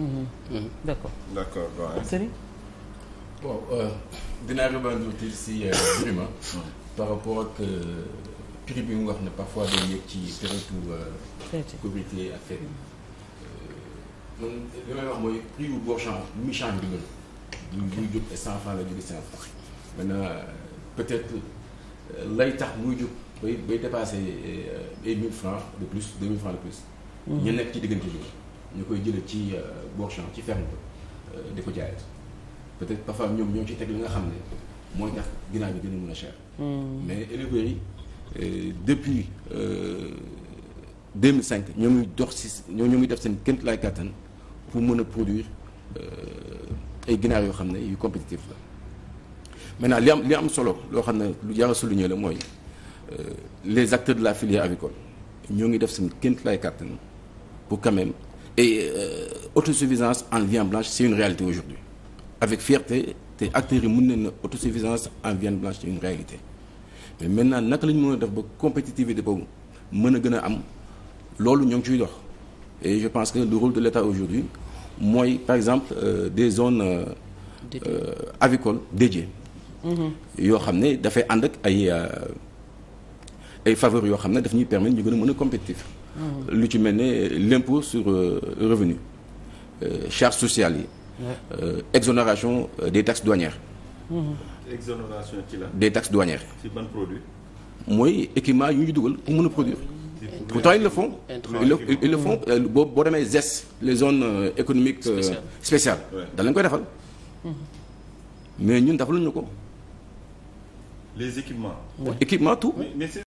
Mm-hmm. Mm-hmm. Mm-hmm. d' accord d' accord bon Serigne bon euh, dinaa rebondir tuuti si euh, Birima par rapport ak euh, prix bi mu wax ne parfois day yëg ci période comité ak fête man li may wax mooy prix bu boobu change bu muy change di gën bu muy jóg cent franc la jóge cent franc maintenant peut-être lay tax muy jóg bay bay dépassé ay mille francs de plus deux mille francs de plus ñu nekk ci diggante bi ñu koy jëlee ci euh, Bourg-Champ ci ferme ba euh, di ko jaayaat peut parfois ñoom ñoo ci teg li nga xam ne mooy tax ginaar bi gën a mën a cher. Hmm. mais éleveurs yi euh, depuis 2005 ñoo ngi dox si ñoo ngi def seen kéem lay kàttan pour mën a produire ay ginaar yoo xam ne yu compétitif la. maintenant li am li am solo loo xam ne lu jar a souligner la mooy les acteurs de la filière avicole ñoo ngi def seen kéem lay kàttan pour quand même. et euh, autosuffisance en viande blanche c'est une réalité aujourd'hui avec fierté te acteurs yi mun nañ ne autosuffisance en viande blanche c'est une réalité mais maintenant naka la ñu mën a def ba compétitivité boobu mën a gën a am loolu ñoo ngi ciy dox et je pense que le rôle de l'État aujourd'hui mooy par exemple euh, des zones euh, euh avicoles dédiées mm-hmm. yoo xam ne dafay ànd ak ay euh, ay yoo xam ne daf ñuy permettre ñu gën a mën a compétitif lu ci mel ne euh, l'impôt sur euh, revenu euh, charge sociale yi exonération des taxes douanières mm-hmm. exonération ci la des taxes douanières ci ban mooy équipement yu ñu dugal pour mën a produire pourtant ils le font ils le font boo boo demee ZES les zones économiques spéciales da lañ koy defal mm-hmm. mais ñun defaluñu ko les équipements équipement tout